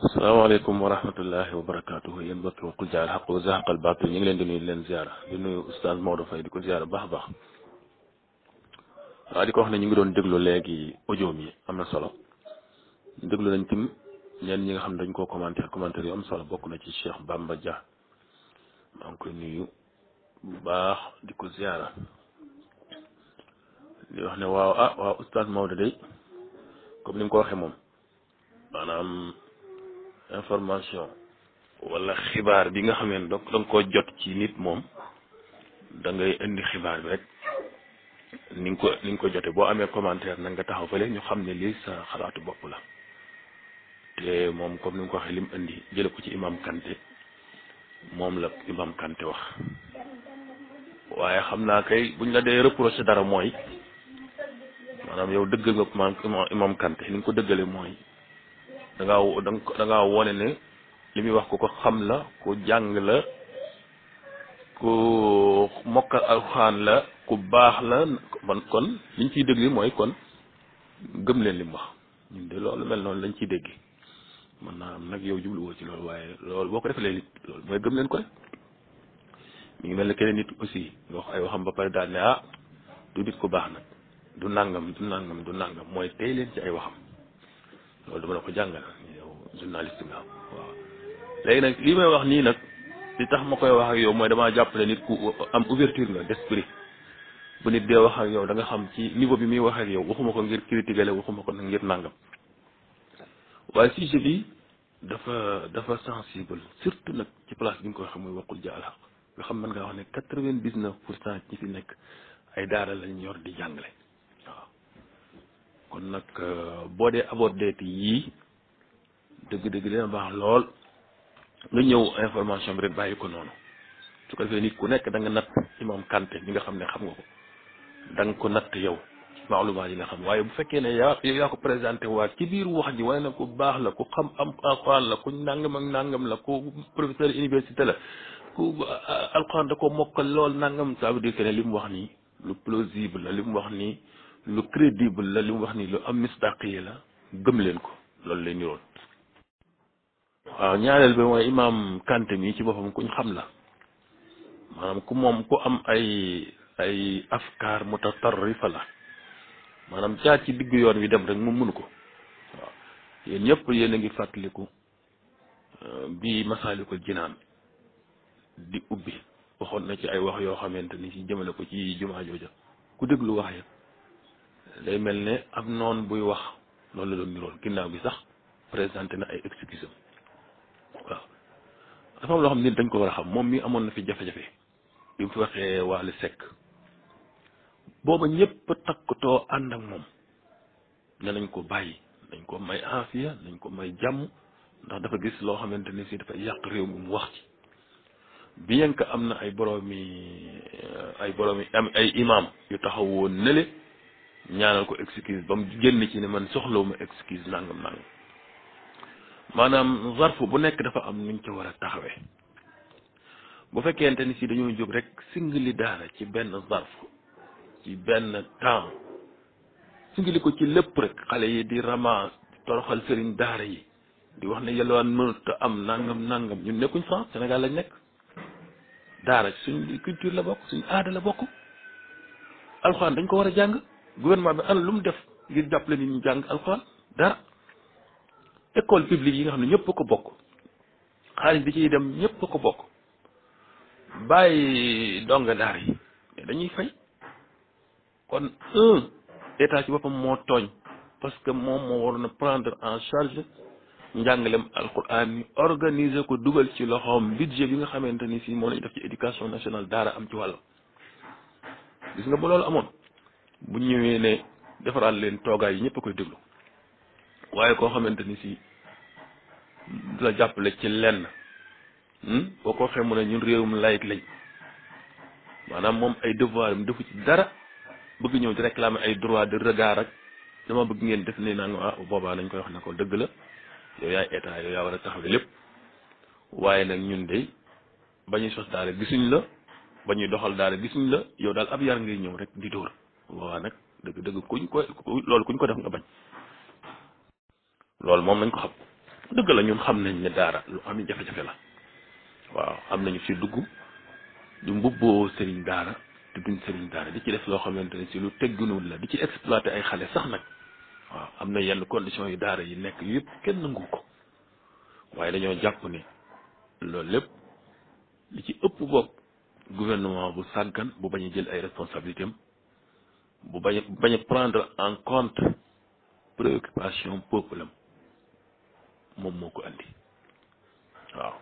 asalaamaaleykum wa rahmatullahi wa barakaatuhu yéen mbokki Qul ñu ngi leen di nuyu leen ziara di nuyu oustaz Maodo Faye di ko ziara baax a baax waaw di ko wax ne ñu ngi doon déglu léegi audio mi am na solo déglu nañ tim ñenn ñi nga xam ne dañ koo commentaire commentaire yu am solo bokk na ci Cheikh Bamba Dia maa ngi koy nuyu bu baax di ko ziara di wax ne waaw ah waaw oustaz Maodo day comme ni mu ko waxee moom maanaam. information wala xibaar bi nga xamee ne donc da koo jot ci nit moom dangay indi xibaar bi rek ni nga ko ni nga ko jotee boo amee commentaire nag nga taxaw fële ñu xam ne lii sa xalaatu bopp la te moom comme ni nga ko waxee lim indi jële ko ci imam Kanté moom la imam Kanté wax waaye xam naa kay buñ la dee reproché dara mooy maanaam yow dëgg nga imam imam Kanté ni nga ko dëggalee mooy. da wo da ngaa wone ne li muy wax ko ko xam la ku jàng la ku mokkal alxuraan la ku baax la kon kon liñ ciy dégg mooy kon gëm leen li mu wax de loolu mel noonu lañ ciy dégg mën naa am nag yow jubluwoo ci loolu waaye loolu boo ko defalee nit loolu mooy gëm leen ko rek mi ngi mel ne keneen nit aussi nga wax ay waxam ba pare daal ne ah du nit ku baax nag du nàngam du nàngam du nàngam mooy tey leen ci ay waxam. loolu dama la ko jàngal yow journaliste nga waaw léegi nag lii may wax nii nag li tax ma koy wax ak yow mooy damaa jàpp ne nit ku am ouverture nga d'esprit bu nit dee wax ak yow da nga xam ci niveau bi muy wax ak yow waxuma ko ngir critiquer la waxuma ko ngir nàngam waaye sujet bi dafa dafa sensible surtout nag ci place bi nga koy xam muy waqul jaal xaq nga xam man ngaa wax ne quatre-vingt-dix-neuf pour cent ñi fi nekk ay daara lañ yor di jàngale kon nag euh, boo dee abordé te yii dëgg-dëgg dina baax lool nga ñëw information bi rek bàyyi ko noonu su ko defee nit ku nekk danga nga natt imam Kanté mi nga xam ne xam nga ko da nga ko natt yow maalumaat yi nga xam waaye bu fekkee ne yaa yaa ko présenté waat ci biir wax ji wane na ku baax la ku xam am alxuraan la ku nàngam ak nàngam la ku professeur université la ku euh, ko mokkal lool nàngam ça veut dire li mu wax nii lu plausible la li mu wax nii lu crédible la li mu wax ni lu am misdaqiyi la gëm leen ko loolu leen niroon waaw ñaareel bi mooy imaam Kanté mi ci boppam kuñ xam la maanaam ku moom ku am ay ay afkaar mutatarrifa la maanaam jaar ci diggu yoon wi dem rek mu mënu ko waaw yéen ñëpp yéen a ngi fàttaliku euh, bi masaalikul jinaan di ubbi waxoon na ci ay wax yoo xamante ni ci jëmale ko ci jumaa jooja ku déglu wax ya day mel ne am noon buy wax loolu la doon niroon ginnaaw bi sax présenté na ay excuse waaw dafa am loo xam nit dañ ko war a xam moom mi amoon na fi jafe-jafe bi mu fi waxee Waly Seck booba ñëpp takkatoo ànd ak moom ne nañ ko bàyyi nañ ko may aafiya nañ ko may jàmm ndax dafa gis loo xamante ni si dafa yàq réew mi mu wax ci bien que am na ay boroomi ay boroomi am ay imaam yu taxawoon nële ñaanal ko excuse ba mu génn ci ne man soxlawuma excuse nangam nangam maanaam zarf bu nekk dafa am nuñ ci war a taxawee bu fekkente ni si dañoo jóg rek singili daara ci benn zarf ci benn temps singili ko ci lépp rek xale yi di ramas di toroxal sëriñ daara yi di wax ne yalwaan mënut a am nangam nangam ñu nekkuñ France Sénégal lañ nekk daara ci suñ culture la bokk suñ aada la bokk alxuraan dañ ko war a jàng gouvernement bi ana lu mu def ngir jàppale nit ñu jàng alxuraan dara école publique yi nga xam ne ñëpp ko bokk xaalis bi ciy dem ñëpp ko bokk bàyyi donga daar yi dañuy fay kon un état ci boppam moo tooñ parce que moom moo waroon a prendre en charge njàngalem an ni organiser ko dugal ci loxoom budget bi nga xamante ni si moom lañu def ci éducation nationale daara am ci wàll gis nga bu loolu amoon bu ñëwee ne defaraat leen toogaay yi ñëpp a koy déglu waaye koo xamante ni si du la jàppale ci lenn hmm? boo ko waxee mu ne ñun réewum layit lañ maanaam moom ay devoir am defu ci dara bëgg ñëw di réclamer ay droit de regard ak dama bëgg ngeen def ni naan ah boobaa nañ koy wax ne ko dëgg la yow yaay état yow yaa war a taxawle lépp waaye nag ñun de ba ñuy sos daara gisuñ la ba ñuy doxal daal gisuñ la yow daal ab yar ngay ñëw rek di dóor waaw nag dëgg dëgg kuñ ko loolu kuñ ko def nga bañ loolu moom lañ ko xam dëgg la ñun xam nañ ne daara lu am jafe-jafe la waaw am nañu ci dugg di mbubboo sëriñ daara te duñ sëriñ daara di ci def loo xamante ne si lu tegginuwul la di ci exploité ay xale sax nag waaw am na yenn conditions yu daara yi nekk yëpp kenn nangu ko waaye dañoo jàpp ni loolu lépp li ci ëpp boog gouvernement bu sàggan bu bañ jël ay responsabilités am bu bañ bañ a prendre en compte préoccupation peuple am moom moo ko andi waaw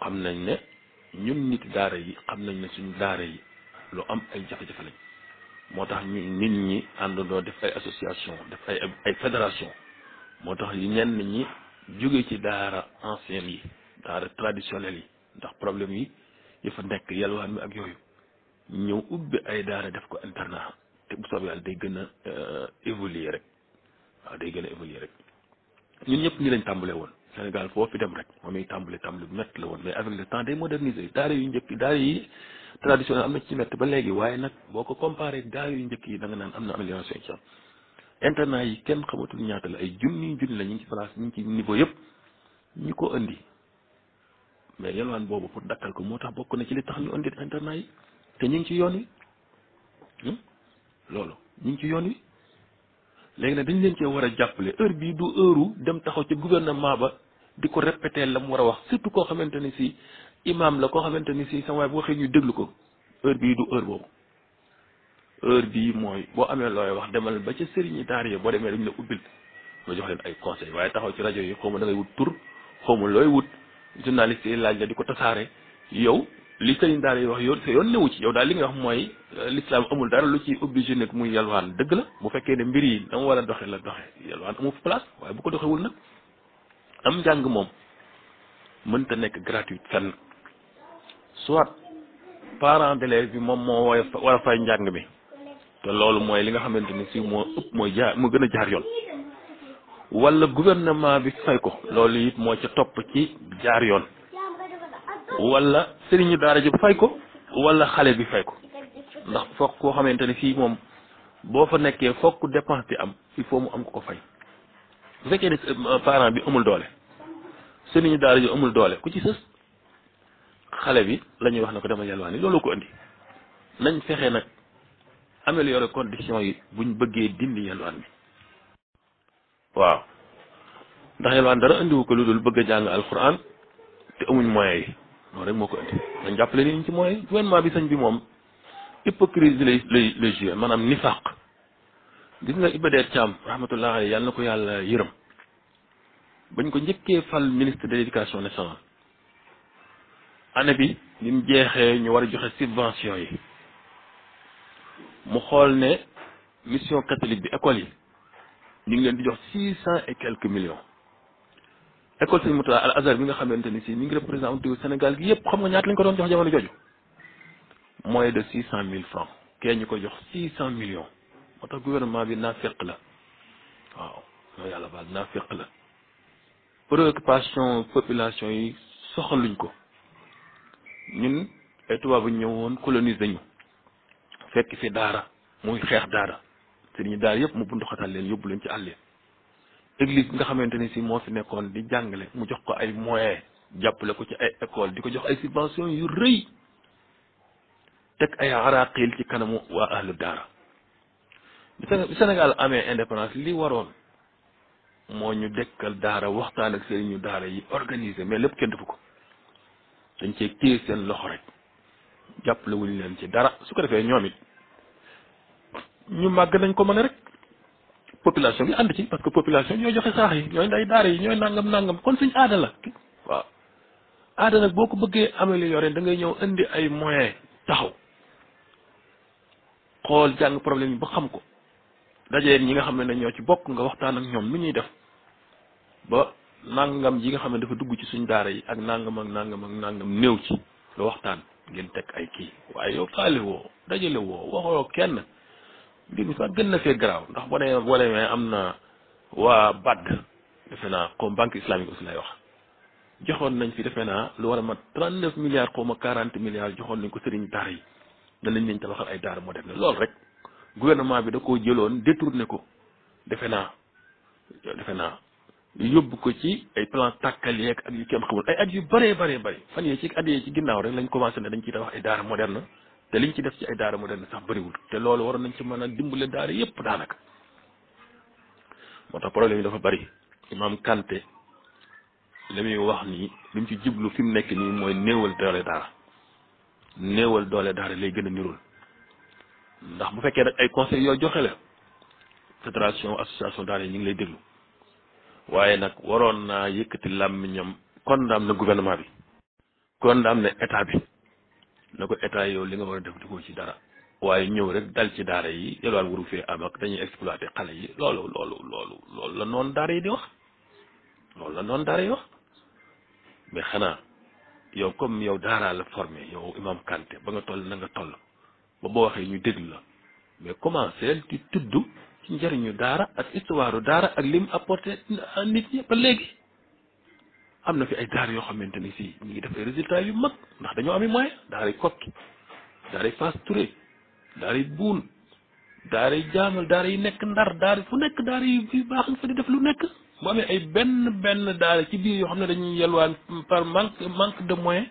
xam nañ ne ñun nit daara yi xam nañ ne suñu daara yi lu am ay jafe-jafe lañ moo tax ñu nit ñi àndandoo def ay association def ay ay fédération moo tax ñenn ñi jóge ci daara ancienne yi daara traditionnelle yi ndax problème yi yi fa nekk yalwaan mi ak yooyu ñëw ubbi ay daara def ko internat te bu soobee yàlla day gën a euh, évoluer rek waaw day gën a évoluer rek ñun ñëpp ñi lañ tàmbalee woon Sénégal foo fi dem rek moom iy tàmbale tàmbale bu la woon mais avec le temps day moderniser daara yu njëkk daara yi traditionnel ci métti ba léegi waaye nag boo ko comparé daara yu njëkk yi da naan am na amélioration ci internat yi kenn xamatul ñaata la ay junni junni la ñu ngi ci ñu ngi ci niveau yëpp ñu ko indi mais yalwaan boobu pour dakkal ko moo tax bokk na ci li tax ñu indi internat yi te ñu ngi ci yoon wi hmm? loolu ñu ngi ci yoon wi léegi nag dañ leen cee war a jàppale heure bii du heure dem taxaw ci gouvernement ba di ko répété la mu war a wax surtout koo xamante ni si imaam la koo xamante ni si sa waay bu waxee ñu déglu ko heure bii du heure boobu heure bii mooy boo amee looy wax demal ba ca sëriñi daara yi boo demee dañu la ubbil nga jox leen ay conseil waaye taxaw ci rajo yi xaw ma da ngay wut tur xaw ma looy wut journaliste yi laaj la di ko tasaare yow li sëriñ daal yi wax yow yoon newu ci yow daal li nga wax mooy euh, l'islam amul dara lu ci obligé nag muy yalwaan dëgg la bu fekkee ne mbir yi dama war a doxe la doxe yalwaan amul place waaye bu ko doxewul nag am njàng moom mënta nekk gratuite fenn soit parent d'élève bi moom moo war a fay njàng mi te loolu mooy li nga xamante ni si moo ëpp mooy jaar moo gën a jaar yoon wala gouvernement bi fay ko loolu it moo ca topp ci jaar yoon wala sëriñu daara ji fay ko wala xale bi fay ko ndax fokk koo xamante ne fii moom boo fa nekkee fokk dépense bi am il faut mu am ko ko fay bu fekkee ne euh, parent bi amul doole sëriñu daara ji amul doole ku ci sës xale bi lañuy wax na ko dama yalwaani loolu ko indi nañ fexe nag améliorer condition yi buñ bëggee dindi yalwaan bi waaw ndax yalwaan dara indiwu ko lu dul bëgg a jàng alquran te amuñ moyen yi loolu rek moo ko indi dañ jàppale li ñu ci mooy gouvernement bi sëñ bi moom hypocrisie lay lay lay joué maanaam nifaq gis nga Iba Der Thiam rahmatullah alayhi yàlla na ko yàlla yërëm bañ ko njëkkee fal ministre de l'éducation nationale année bi ni mu jeexee ñu war a joxe subvention yi mu xool ne mission catholique bi école yi ñu ngi leen di jox six cent et quelques millions école sëñ Mouta al Azhar bi nga xamante ni si mi ngi représenté Sénégal gi yëpp xam nga ñaata lañ ko doon jox jamono jooju moins de six cent mille francs kee ñu ko jox six cent millions moo tax gouvernement bi naa feq la waaw mooy yàlla naa feq la préoccupation population yi soxaluñ ko ñun ay tubaab ñu ñëwoon colonise ñu fekk fi daara muy xeex daara sëriñ daara yëpp mu bundu xatal leen yóbbu leen ci àll église bi nga xamante ni si moo fi nekkoon di jàngale mu jox ko ay moyens jàppale ko ci ay école di ko jox ay subventions yu rëy teg ay araqil ci kanamu waa ahlu daara Sénégal amee indépendance li waroon moo ñu dekkal daara waxtaan ak ñu daara yi organiser mais lépp kenn defu ko dañ cee téye seen loxo rek jàppale wuñ leen ci dara su ko defee ñoom it ñu màgg nañ ko mën rek population bi ànd ci parce population bi ñooy joxe saax yi ñooy nday daara yi ñooy nangam nangam kon suñ aada la waaw aada nag boo ko bëggee améliorer da ngay ñëw indi ay moyens taxaw xool jàng problème yi ba xam ko dajee ñi nga xam ne ñoo ci bokk nga waxtaan ak ñoom nu ñuy def ba nangam yi nga xam ne dafa dugg ci suñ daara yi ak nangam ak nangam ak nangam néew ci nga waxtaan ngeen teg ay kii waaye yow faale woo dajale woo waxoo kenn diggu sax gën na fee garaaw ndax boo demee boo demee am na waa BAD defe naa comme banque islamique aussi lay wax joxoon nañ fi defe naa lu war a mat trente neuf milliards xaw ma quarante milliards joxoon nañ ko sëriñ daara yi danañ leen tabaxal ay daara moderne loolu rek gouvernement bi da koo jëloon détourné ko defe naa defe naa yóbbu ko ci ay plan tàkkal yeeg ak yu kenn xamul ay at yu bëree bëree bëri fan yee ci at yee ci ginnaaw rek lañ commencé ne dañ ciy tabax ay daara moderne te liñ ci def ci ay daara moderne sax bariwul te loolu waroon nañ ci mën a dimbale daara yépp daanaka moo tax problème yi dafa bëri imaam Kanté li muy wax nii li mu ci jiblu fi mu nekk nii mooy néewal doole daara néewal doole daara lay gën a nirul ndax bu fekkee nag ay conseils yoo joxe la fédération association daara yi ñu ngi lay déglu waaye nag waroon naa yëkkati làmmiñam condamne na gouvernement bi condamne na état bi na ko état yow li nga war a def di ci dara waaye ñëw rek dal ci daara yi yelwaan waru fee am ak dañuy exploité xale yi loolu loolu loolu loolu la noon daara yi di wax loolu la noon daara yi wax mais xanaa yow comme yow daaraa la formé yow imam Kanté ba nga toll na nga toll ba boo waxee ñu déglu la mais commencé di tudd ci njëriñu daara ak histoire daara ak li mu apporté nit ñi ba léegi am na fi ay daara yoo xamante ni si ñu ngi def ay résultat yu mag ndax dañoo ami moyen daaray Kott daaray Fass Touré daaray Buun daaray Jaamal daara yi nekk Ndar daara fu nekk daara yu baax nga fa def lu nekk. bu ay benn benn daara ci biir yoo xam ne dañuy yelwaan par manque manque de moyen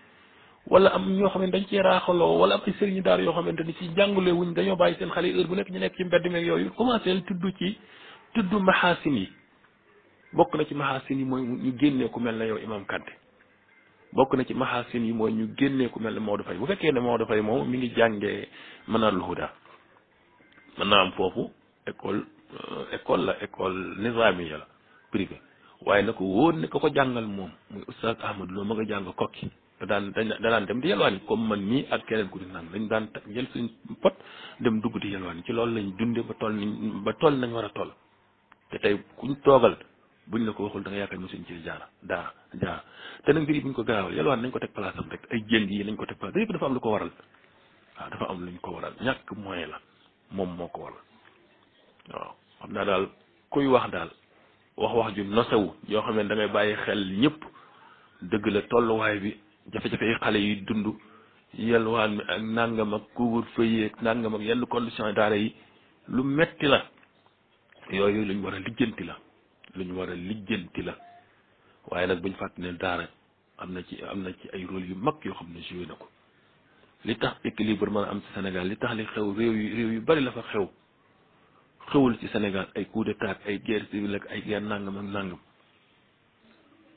wala am ñoo xam ne dañ cee raaxaloo wala am ay sëriñu daara yoo xamante ni si jàngule wuñ dañoo bàyyi seen xale heure bu nekk ñu nekk ci mbedd meeg yooyu commencé tudd ci tudd maxaasin yi. bokk na ci maxaasin yi mooy ñu génnee ku mel ne yow Imam Kanté bokk na ci maxaasin yi mooy ñu génnee ku mel ne Maodo Faye bu fekkee ne Maodo Faye moom mi ngi jàngee Manarul Huda mën naa am foofu école euh, école la école nizamiya la privé waaye na ko wóor ne ko jàngal moom muy oustaz Ahmad Lo ma nga jàng kokki da daan dem di yelwaani comme man nii ak keneen ku di naan dañ daan jël suñ pot dem dugg di yelwaani ci loolu lañ dunde ba toll ba toll nañ war a toll te tey kuñ toogal buñ la ko waxul da nga yaakaar mu seen ci daa jaara te nag mbir yi buñ ko gaawal ko teg place am ay jënd yi nañ ko teg place yëpp dafa am lu ko waral dafa am luñ ko waral ñàkk moyen la moom moo ko waral waaw daal kuy wax daal wax wax ju nosewu yoo xam ne da bàyyi xel ñëpp la tolluwaay bi jafe-jafe xale yi dund yalwaan nangam ak couvre-feu ak ak yenn condition daara yi lu metti la yooyu lañu war a lijjanti la lu ñu war a lijjanti la waaye nag buñ fàtt ne daara am na ci am na ci ay rôle yu mag yoo xam ne joué na ko li tax équilibre mën a am ci senegal li tax li xew réew yu réew yu bari la fa xew xewul ci senegal ay coup d'état ay guerre civile lekk ay guerre nangam ak nangam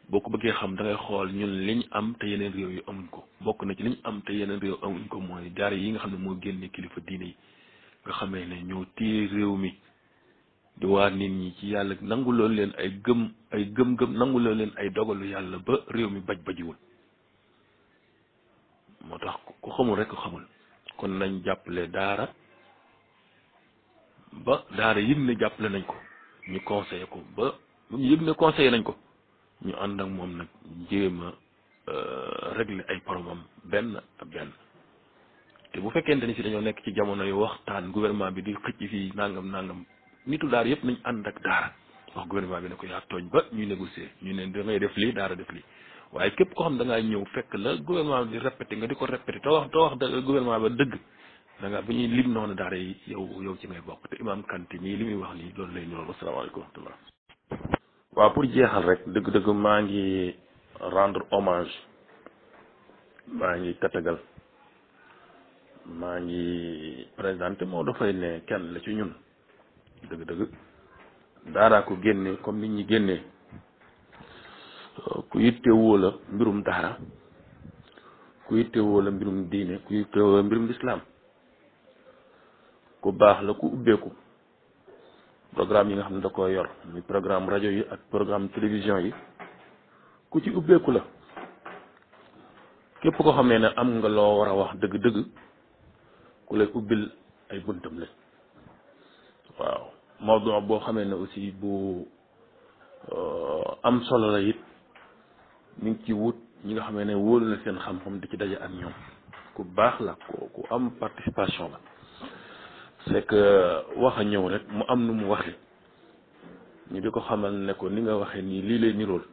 boo ko bëggee xam dangay xool ñun liñ am te yeneen réew yu amuñ ko bokk na ci liñ am te yeneen réew amuñ ko mooy daara yi nga xam ne moo génne kilifa diine yi nga xamee ne ñoo téye réew mi di waar nit ñi ci yàlla nangu loolu leen ay gëm ay gëm-gëm nangu loolu leen ay dogalu yàlla ba réew mi baj bajiwul moo tax ku xamul rekk xamul kon nañ jàppale daara ba daara yëg ne jàppale nañ ko ñu conseillé ko ba ñu yëg ne conseillé nañ ko ñu ànd ak moom nag jéem a euh, régler ay problème benn benn te bu fekkente ni si dañoo nekk ci jamono yu waxtaan gouvernement bi di xëcc fii nangam nangam nitu daara yëpp nañ ànd ak daara wax gouvernement bi ne ko yaa tooñ ba ñuy négocier ñu ne da ngay def lii daara def lii waaye képp ko xam da ngaa ñëw fekk la gouvernement bi di répété nga di ko répété te wax te wax gouvernement ba dëgg da nga ba ñuy lim noonu daara yi yow yow ci ngay bokk te imam Kanté mii li muy wax nii loolu lay ñoroon asalaamaaleykum wa rahmatulah. waa pour jeexal rek dëgg-dëgg maa ngi rendre hommage maa ngi tatagal maa ngi présenté moo dafay ne kenn la ci ñun. dëgg-dëgg daaraa ko génne comme nit ñi génnee ku yitte woo la mbirum daara ku yitte woo la mbirum diine ku yitte woo la mbirum lislaam ku baax la ku ubbeeku programme yi nga xam ne da koo yor muy programme rajo yi ak programme télévision yi ku ci ubbeeku la képp ko xam ne am nga loo war a wax dëgg-dëgg ku lay ubbil ay buntam lañ waaw mawdu boo xamee ne aussi bu euh, am solo la it ñu ngi ci wut ñi nga xamee ne wóolu na seen xam-xam di ci daje ak ñoom ku baax la ku am participation la c'est wax a ñëw rek mu am nu mu waxee ñu di ko xamal ne ko ni nga waxee nii lii lay nirool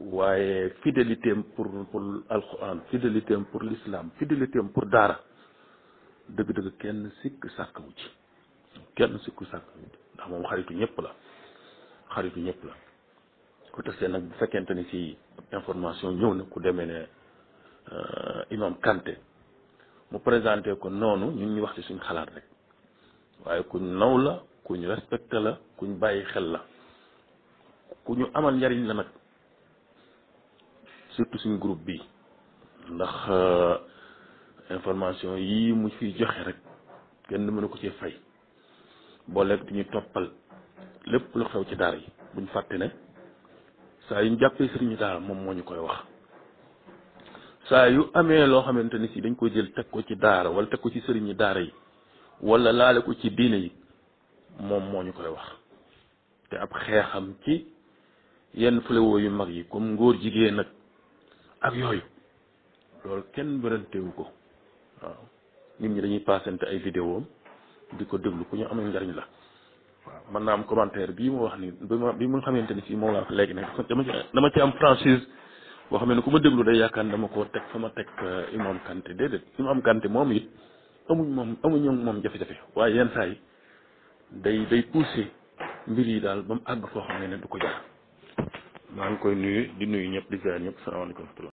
waaye fidélité am pour pour alquran fidélité am pour lislaam fidélité am pour daara dëgg-dëgg kenn sikk sàkk wu ci kenn sikku sàkk ndax moom xaritu ñëpp la xaritu ñëpp la ku tesee nag bu fekkente ni si information ñëw na ku demee ne euh, imam Kanté mu présenté ko noonu ñun ñu wax ci suñ xalaat rek waaye kuñ naw la kuñ respecté la kuñ bàyyi xel la ku ñu amal njariñ la nag surtout suñ groupe bi ndax euh, information yi mu fiy joxe rek kenn mënu ko ci fay boole di ñu toppal lépp lu xew ci daara yi buñ fàtte ne saa yu ñu jàppee sëriñu daara moom moo ñu koy wax saa yu amee loo xamante ni si dañ ko jël teg ko ci daara wala teg ko ci sëriñu daara yi wala laale ko ci diine yi moom moo ñu koy wax te ab xeexam ci yenn fléau yu mag yi comme ngóor jigéen nag ak yooyu loolu kenn bërantewu ko waaw nit ñi dañuy paasante ay vidéo di ko déglu ku ñu amee njariñ la waaw man naa am commentaire bii mu wax ni bi ma bi nga xamante ni si moom laa wax léegi ne dama ci dama ci am franchise boo xam ne ku ma déglu day yaakaar dama koo teg fa ma teg euh, imam Kanté déedéet imam Kanté moom it amuñ moom amuñ moom jafe-jafe waaye yenn saa yi day day poussé mbir yi daal ba mu àgg foo xam ne ne du ko jaar maa ngi koy nuyu di nuyu ñëpp di ziar ñëpp salaamaaleykum